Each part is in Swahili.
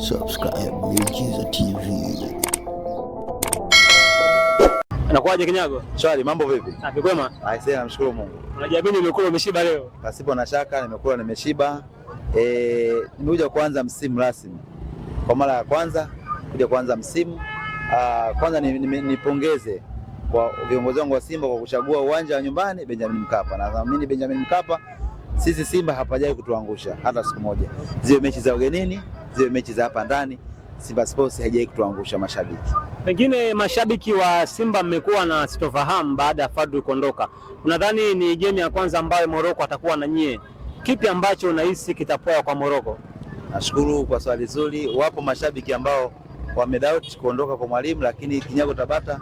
subscribe Miujiza TV. Anakuaje kinyago? Shwari, mambo vipi? Ah, kwema? sasa namshukuru Mungu. Unajiamini umekula umeshiba leo? Pasipo na shaka nimekula nimeshiba. Eh, nimekuja kuanza msimu rasmi kwa mara ya kwanza kuja kuanza msimu. Ah, kwanza nipongeze ni, ni kwa viongozi wangu wa Simba kwa kuchagua uwanja wa nyumbani Benjamin Mkapa. Naamini Benjamin Mkapa sisi Simba hapajai kutuangusha hata siku moja, ziwe mechi za ugenini, ziwe mechi za hapa ndani. Simba Sports haijai kutuangusha mashabiki. Pengine mashabiki wa Simba mmekuwa na sitofahamu baada ya Fadlu kuondoka. Unadhani ni game ya kwanza ambayo Moroko atakuwa na nyie, kipi ambacho unahisi kitapoa kwa Moroko? Nashukuru kwa swali zuri. Wapo mashabiki ambao wamedoubt kuondoka kwa mwalimu, lakini Kinyago Tabata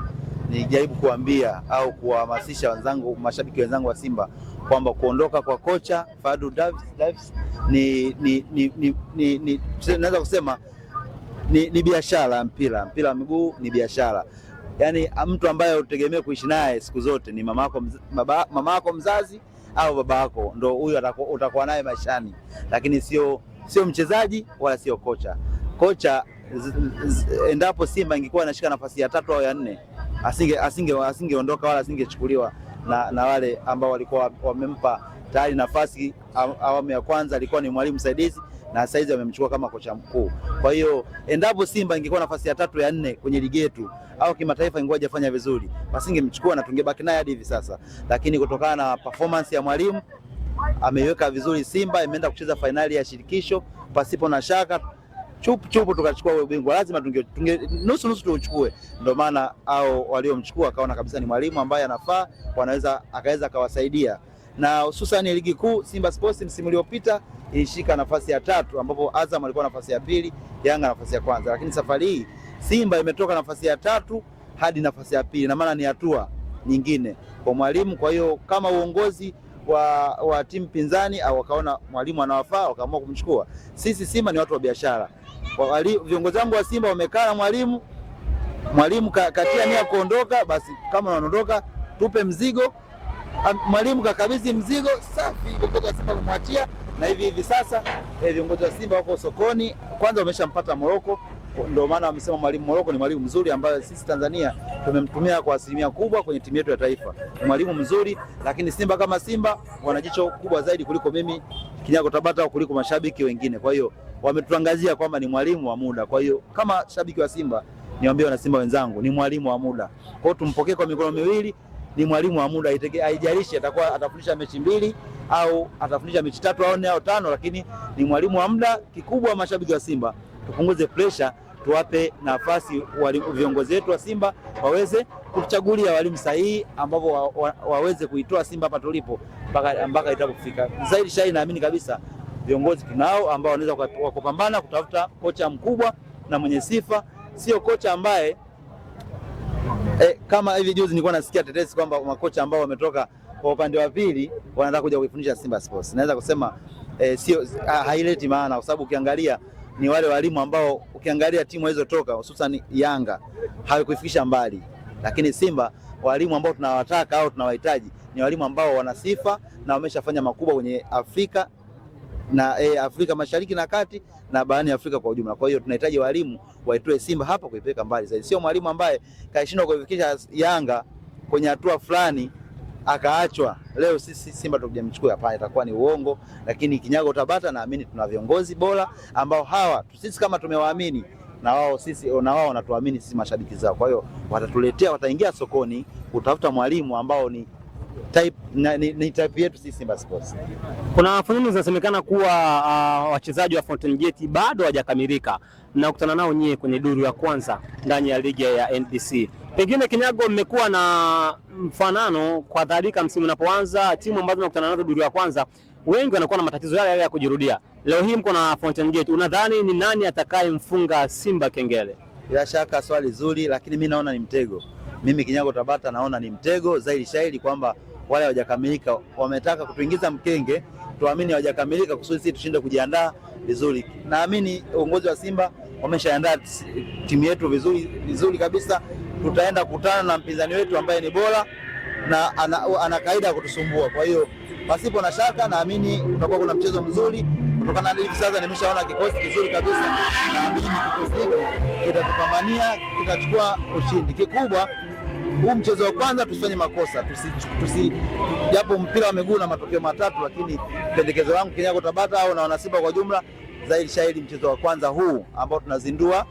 jaribu kuambia au kuwahamasisha wenzangu mashabiki wenzangu wa Simba kwamba kuondoka kwa kocha Fadlu ni, ni, ni, ni, ni, ni, naweza kusema ni, ni biashara ya mpira. Mpira wa miguu ni biashara, yaani mtu ambaye utegemee kuishi naye siku zote ni mama yako mama yako mzazi au baba yako, ndo huyu utakuwa naye maishani, lakini sio sio mchezaji wala sio kocha. Kocha z, z, endapo Simba ingekuwa inashika nafasi ya tatu au ya nne, asinge asingeondoka wala asingechukuliwa na, na wale ambao walikuwa wamempa tayari nafasi awamu ya kwanza alikuwa ni mwalimu msaidizi na sasa wamemchukua kama kocha mkuu. Kwa hiyo endapo Simba ingekuwa nafasi ya tatu ya nne kwenye ligi yetu au kimataifa, ingekuwa hajafanya vizuri, ingemchukua na tungebaki naye hadi hivi sasa, lakini kutokana na performance ya mwalimu ameiweka vizuri Simba, imeenda kucheza fainali ya shirikisho pasipo na shaka chupu chupu tukachukua huo ubingwa, lazima tunge, tunge nusu nusu tuuchukue. Ndio maana au waliomchukua akaona kabisa ni mwalimu ambaye anafaa, wanaweza akaweza akawasaidia, na hususan ligi kuu Simba Sports msimu uliopita ilishika nafasi ya tatu, ambapo Azam alikuwa nafasi ya pili, Yanga nafasi ya kwanza, lakini safari hii Simba imetoka nafasi ya tatu hadi nafasi ya pili, na maana ni hatua nyingine kwa mwalimu. Kwa hiyo kama uongozi wa, wa timu pinzani au wakaona mwalimu anawafaa wakaamua kumchukua. Sisi Simba ni watu wa biashara. Viongozi wangu wa Simba wamekaa na mwalimu, mwalimu katia nia kuondoka, basi kama anaondoka tupe mzigo. Mwalimu kakabidhi mzigo, safi, viongozi wa Simba kumwachia na hivi hivi sasa eh, viongozi eh, wa Simba wako sokoni, kwanza wameshampata Moroko ndio maana wamesema mwalimu Moroko ni mwalimu mzuri ambaye sisi Tanzania tumemtumia kwa asilimia kubwa kwenye timu yetu ya taifa. Ni mwalimu mzuri, lakini Simba kama Simba wana jicho kubwa zaidi kuliko mimi Kinyago Tabata au kuliko mashabiki wengine. Kwa hiyo wametuangazia kwamba ni mwalimu wa muda. Kwa hiyo kama shabiki wa Simba niwaambie wana Simba wenzangu, ni mwalimu wa muda. Kwa hiyo tumpokee kwa mikono miwili. Ni mwalimu wa muda, haijalishi atakuwa atafundisha mechi mbili au atafundisha mechi tatu au nne au tano, lakini ni mwalimu wa muda. Kikubwa mashabiki wa Simba tupunguze pressure, tuwape nafasi viongozi wetu wa Simba waweze kuchagulia walimu sahihi ambao wa, wa, waweze kuitoa Simba hapa tulipo mpaka itakapofika. Zaidi shai naamini kabisa viongozi tunao ambao wanaweza wakupambana kutafuta kocha mkubwa na mwenye sifa, sio kocha ambaye e, kama hivi juzi nilikuwa nasikia tetesi kwamba makocha ambao wametoka kwa upande wa pili wanataka kuja kuifundisha Simba Sports. Naweza kusema e, sio haileti maana kwa sababu ukiangalia ni wale walimu ambao ukiangalia timu alizotoka hususan Yanga hawakuifikisha mbali, lakini Simba walimu ambao tunawataka au tunawahitaji ni walimu ambao wana sifa na wameshafanya makubwa kwenye Afrika na e, Afrika Mashariki na Kati na barani Afrika kwa ujumla. Kwa hiyo tunahitaji walimu waitoe Simba hapa kuipeleka mbali zaidi, sio mwalimu ambaye kaishindwa kuifikisha Yanga kwenye hatua fulani akaachwa leo, sisi Simba tukijamchukua hapa itakuwa ni uongo. Lakini Kinyago Tabata, naamini tuna viongozi bora ambao hawa sisi kama tumewaamini na wao sisi na wao wanatuamini sisi mashabiki zao. Kwa hiyo watatuletea, wataingia sokoni kutafuta mwalimu ambao ni type, na, ni, ni type yetu sisi Simba Sports. Kuna fununu zinasemekana kuwa uh, wachezaji wa Fountain Gate bado hawajakamilika na kukutana nao nyie kwenye duru ya kwanza ndani ya ligi ya NBC. Pengine Kinyago, mmekuwa na mfanano kwa dharika msimu unapoanza, timu ambazo nakutana nazo duru ya kwanza wengi wanakuwa na matatizo yale yale ya kujirudia. Leo hii mko na Fountain Gate, unadhani ni nani atakayemfunga Simba kengele? Bila shaka swali zuri, lakini mi naona ni mtego. Mimi Kinyago Tabata naona ni mtego zaidi shahidi kwamba wale hawajakamilika, wametaka kutuingiza mkenge tuamini hawajakamilika kusudi sisi tushinde kujiandaa vizuri. Naamini uongozi wa Simba wameshaandaa timu yetu vizuri vizuri kabisa, tutaenda kutana na mpinzani wetu ambaye ni bora na ana, ana kaida ya kutusumbua. Kwa hiyo pasipo na shaka, naamini utakuwa kuna mchezo mzuri kutokana na hivi sasa nimeshaona kikosi kizuri kabisa, naamini kikosi hiki kitatupambania, kitachukua ushindi. Kikubwa huu mchezo wa kwanza tusifanye makosa, tusi japo mpira wa miguu na matokeo matatu, lakini pendekezo langu Kinyago Tabata au na wanasimba kwa jumla zaidi shahidi mchezo wa kwanza huu ambao tunazindua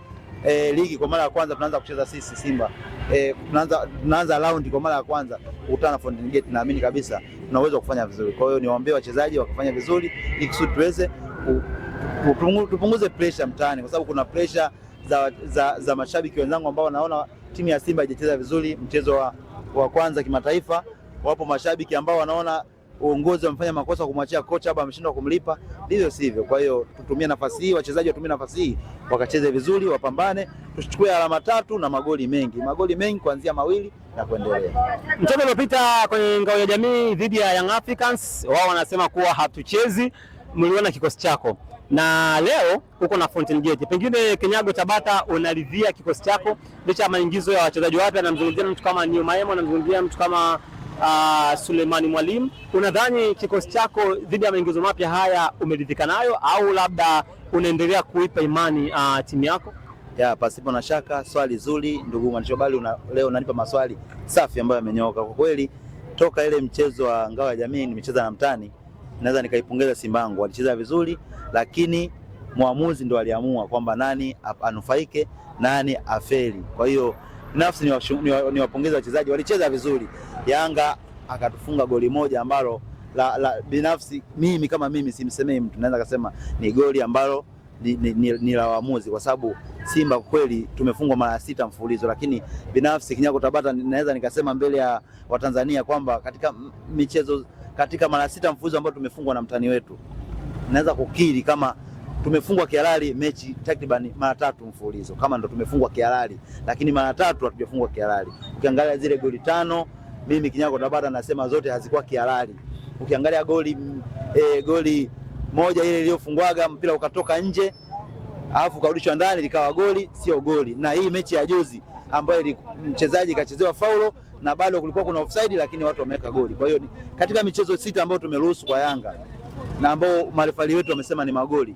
e, ligi kwa mara ya kwanza tunaanza kucheza sisi Simba e, tunaanza tunaanza raundi kwa mara ya kwanza kukutana na Fountain Gate, naamini kabisa tuna uwezo wa kufanya vizuri. Kwa hiyo niwaombee wachezaji wakafanya vizuri ili kusudi tuweze tupunguze pressure mtaani, kwa sababu kuna pressure za, za, za mashabiki wenzangu ambao wanaona timu ya Simba haijacheza vizuri mchezo wa, wa kwanza kimataifa. Wapo mashabiki ambao wanaona uongozi wamefanya makosa kumwachia kocha hapa, ameshindwa kumlipa, ndivyo sivyo. Kwa hiyo tutumie nafasi hii, wachezaji watumie nafasi hii wakacheze vizuri, wapambane, tuchukue alama tatu na magoli mengi, magoli mengi kuanzia mawili na kuendelea. Mchezo uliopita kwenye ngao ya jamii dhidi ya Young Africans, wao wanasema kuwa hatuchezi, mliona kikosi chako na leo uko na Fountain Gate, pengine Kenyago Tabata, unaridhia kikosi chako licha ya maingizo ya wachezaji wapya? Anamzungumzia mtu kama New anamzungumzia mtu kama uh, Suleimani Mwalimu, unadhani kikosi chako dhidi ya maingizo mapya haya umeridhika nayo au labda unaendelea kuipa imani uh, timu yako? Ya, pasipo na shaka, swali zuri ndugu mwandishi habari, una, leo unanipa maswali safi ambayo yamenyooka kwa kweli. Toka ile mchezo wa ngao ya jamii nimecheza na mtani, naweza nikaipongeza Simba yangu, walicheza vizuri, lakini mwamuzi ndo aliamua kwamba nani anufaike nani afeli. Kwa hiyo Nafsi ni wapongeza wachezaji, walicheza vizuri. Yanga akatufunga goli moja ambalo la, la, binafsi mimi kama mimi simsemei mtu, naweza kasema ni goli ambalo ni, ni, ni, ni la waamuzi, kwa sababu Simba kweli tumefungwa mara sita mfululizo, lakini binafsi Kinyago Tabata naweza nikasema mbele ya Watanzania kwamba katika michezo katika mara sita mfululizo ambayo tumefungwa na mtani wetu naweza kukiri kama tumefungwa kihalali mechi takriban mara tatu mfululizo, kama ndo tumefungwa kihalali, lakini mara tatu hatujafungwa kihalali. Ukiangalia zile goli tano, mimi Kinyago Tabata nasema zote hazikuwa kihalali. Ukiangalia goli e, goli moja ile iliyofungwaga mpira ukatoka nje alafu karudishwa ndani likawa goli, sio goli. Na hii mechi ya juzi ambayo mchezaji kachezewa faulo na bado kulikuwa kuna offside, lakini watu wameweka goli. Kwa hiyo katika michezo sita ambayo tumeruhusu kwa Yanga na ambao marefali wetu wamesema ni magoli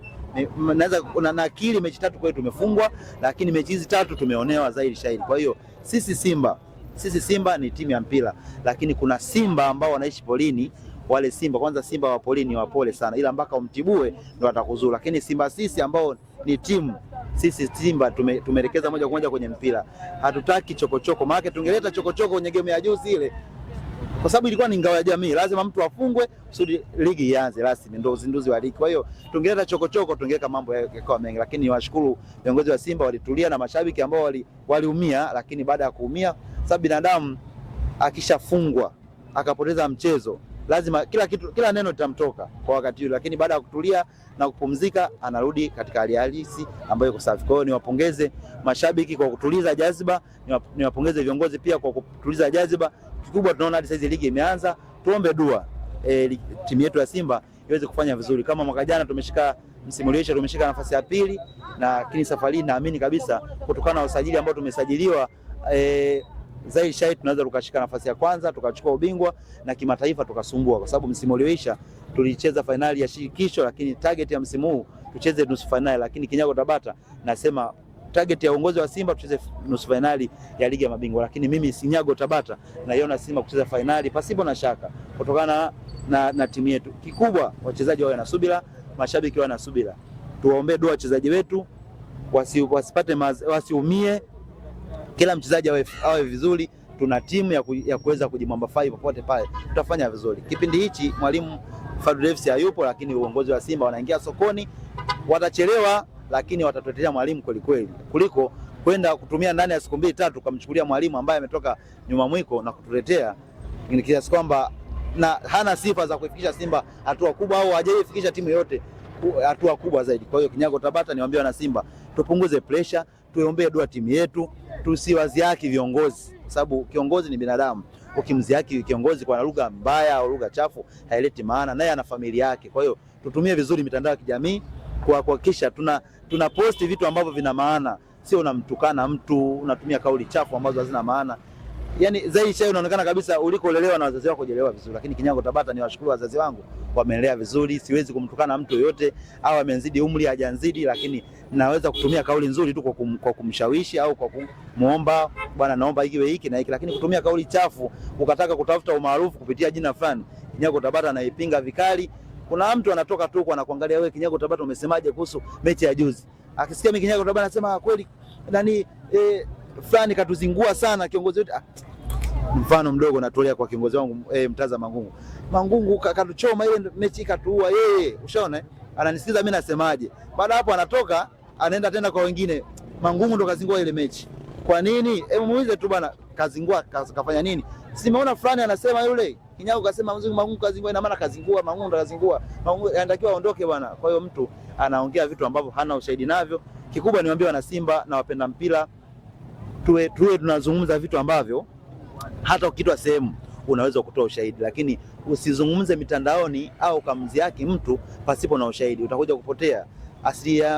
naweza na akili mechi tatu kwetu tumefungwa, lakini mechi hizi tatu tumeonewa zaidi shahidi. Kwa hiyo sisi Simba, sisi Simba ni timu ya mpira, lakini kuna Simba ambao wanaishi polini wale Simba kwanza, Simba wa polini wapole sana, ila mpaka umtibue ndo atakuzuru. Lakini Simba sisi ambao ni timu sisi Simba tumeelekeza moja kwa moja kwenye mpira, hatutaki chokochoko, maana tungeleta chokochoko kwenye game ya juzi ile kwa sababu ilikuwa ni ngao ya jamii, lazima mtu afungwe kusudi ligi ianze rasmi, ndio uzinduzi wa ligi. Kwa hiyo tungeleta chokochoko, tungeweka mambo yakawa mengi, lakini niwashukuru viongozi wa Simba walitulia na mashabiki ambao waliumia wali, lakini baada ya kuumia, sababu binadamu akishafungwa akapoteza mchezo lazima kila kitu, kila neno litamtoka kwa wakati ule, lakini baada ya kutulia na kupumzika anarudi katika hali halisi ambayo iko safi. Kwa hiyo niwapongeze mashabiki kwa kutuliza jaziba, niwapongeze viongozi pia kwa kutuliza jaziba, kikubwa tunaona hadi saizi ligi imeanza, tuombe dua e, timu yetu ya Simba iweze kufanya vizuri. Kama mwaka jana tumeshika msimulisho, tumeshika nafasi ya pili, lakini safari naamini kabisa kutokana na usajili ambao tumesajiliwa e, zaidi shai tunaweza tukashika nafasi ya kwanza tukachukua ubingwa na kimataifa tukasumbua, kwa sababu msimu ulioisha tulicheza fainali ya shirikisho, lakini target ya msimu huu tucheze nusu fainali, lakini kinyago Tabata nasema target ya uongozi wa Simba tucheze nusu fainali ya ligi ya mabingwa, lakini mimi Sinyago Tabata naiona Simba kucheza fainali pasipo na shaka kutokana na, na, na timu yetu. Kikubwa wachezaji wawe na subira, mashabiki wawe na subira, tuwaombee dua wachezaji wetu wasi, wasipate wasiumie, kila mchezaji awe, awe vizuri. Tuna timu ya, ku, ya kuweza kujimamba fai popote pale, tutafanya vizuri. Kipindi hichi mwalimu Fadlu hayupo, lakini uongozi wa Simba wanaingia sokoni, watachelewa lakini watatuletea mwalimu kwelikweli, kuliko kwenda kutumia ndani ya siku mbili tatu kumchukulia mwalimu ambaye ametoka nyuma mwiko na kutuletea kiasi kwamba na hana sifa za kuifikisha Simba hatua kubwa au hajaifikisha timu yote hatua kubwa zaidi. Kwa hiyo kinyago Tabata, niwaambie wana Simba, tupunguze pressure, tuombee dua timu yetu, tusiwaziaki viongozi, sababu kiongozi ni binadamu. Ukimziaki kiongozi kwa lugha mbaya au lugha chafu haileti maana, naye ana familia yake. Kwa hiyo tutumie vizuri mitandao ya kijamii kwa kuhakikisha tuna, tuna posti vitu ambavyo vina maana, sio unamtukana mtu unatumia kauli chafu ambazo hazina maana. Yani Zai chai unaonekana kabisa ulikolelewa na wazazi wako jelewa vizuri, lakini Kinyango Tabata, ni washukuru wazazi wangu wamelea vizuri. Siwezi kumtukana mtu yoyote, au amenzidi umri hajanzidi, lakini naweza kutumia kauli nzuri tu kwa, kum, kwa kumshawishi au kwa kumuomba bwana, naomba ikiwe hiki na hiki, lakini kutumia kauli chafu ukataka kutafuta umaarufu kupitia jina fulani, Kinyango Tabata anaipinga vikali. Kuna mtu anatoka tu kwa anakuangalia wewe, Kinyago Tabata, umesemaje kuhusu mechi ya juzi? Akisikia mimi Kinyago Tabata anasema ah, kweli, nani e, fulani katuzingua sana kiongozi wetu. Ah, mfano mdogo natolea kwa kiongozi wangu e, Mtaza Mangungu. Mangungu katuchoma ile mechi ikatuua yeye, ushaona eh? Ananisikiza mimi nasemaje. Baada hapo anatoka anaenda tena kwa wengine. Mangungu ndo kazingua ile mechi. Kwa nini? Hebu muulize tu bwana, kazingua kafanya nini? Simeona fulani anasema yule Kinyago kasema mzungu Mangungu kazingua, ina maana kazingua Mangungu ndo kazingua. Mangungu anatakiwa aondoke bwana. Kwa hiyo mtu anaongea vitu ambavyo hana ushahidi navyo. Kikubwa niwaambie wana Simba na wapenda mpira tuwe, tuwe tunazungumza vitu ambavyo hata ukitwa sehemu unaweza kutoa ushahidi, lakini usizungumze mitandaoni au kamzi yake mtu pasipo na ushahidi, utakuja kupotea.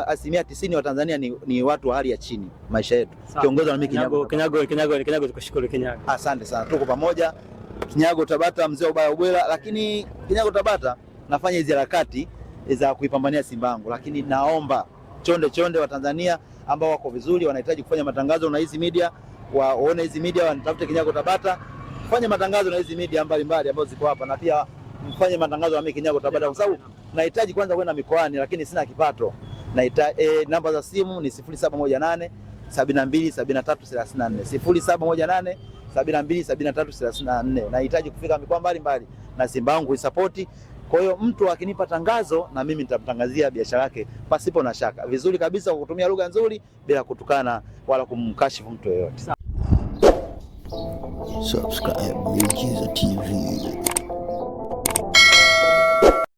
Asilimia tisini wa Tanzania ni, ni watu wa hali ya chini maisha yetu. Kiongozi na mimi Kinyago, Kinyago, Kinyago, Kinyago, tukushukuru Kinyago, asante sana, tuko pamoja. Kinyago Tabata, mzee wa ubaya ubwela, lakini Kinyago Tabata nafanya hizi harakati eh, za kuipambania Simba yangu, lakini naomba chonde chonde wa Tanzania ambao wako vizuri, wanahitaji kufanya matangazo na hizi media, waone hizi media, wanitafute Kinyago Tabata, fanye matangazo na hizi media mbalimbali ambazo ziko hapa, na pia mfanye matangazo na mimi Kinyago Tabata, kwa sababu nahitaji kwanza kwenda mikoani, lakini sina kipato. Nahitaji, e, eh, namba za simu ni 0718 sifuri 72 73 34 0718 72 73 34. Nahitaji kufika mikoa mbalimbali na Simba yangu kuisapoti. Kwa hiyo mtu akinipa tangazo na mimi nitamtangazia biashara yake pasipo na shaka, vizuri kabisa, kwa kutumia lugha nzuri bila kutukana wala kumkashifu mtu yoyote. Subscribe Miujiza TV.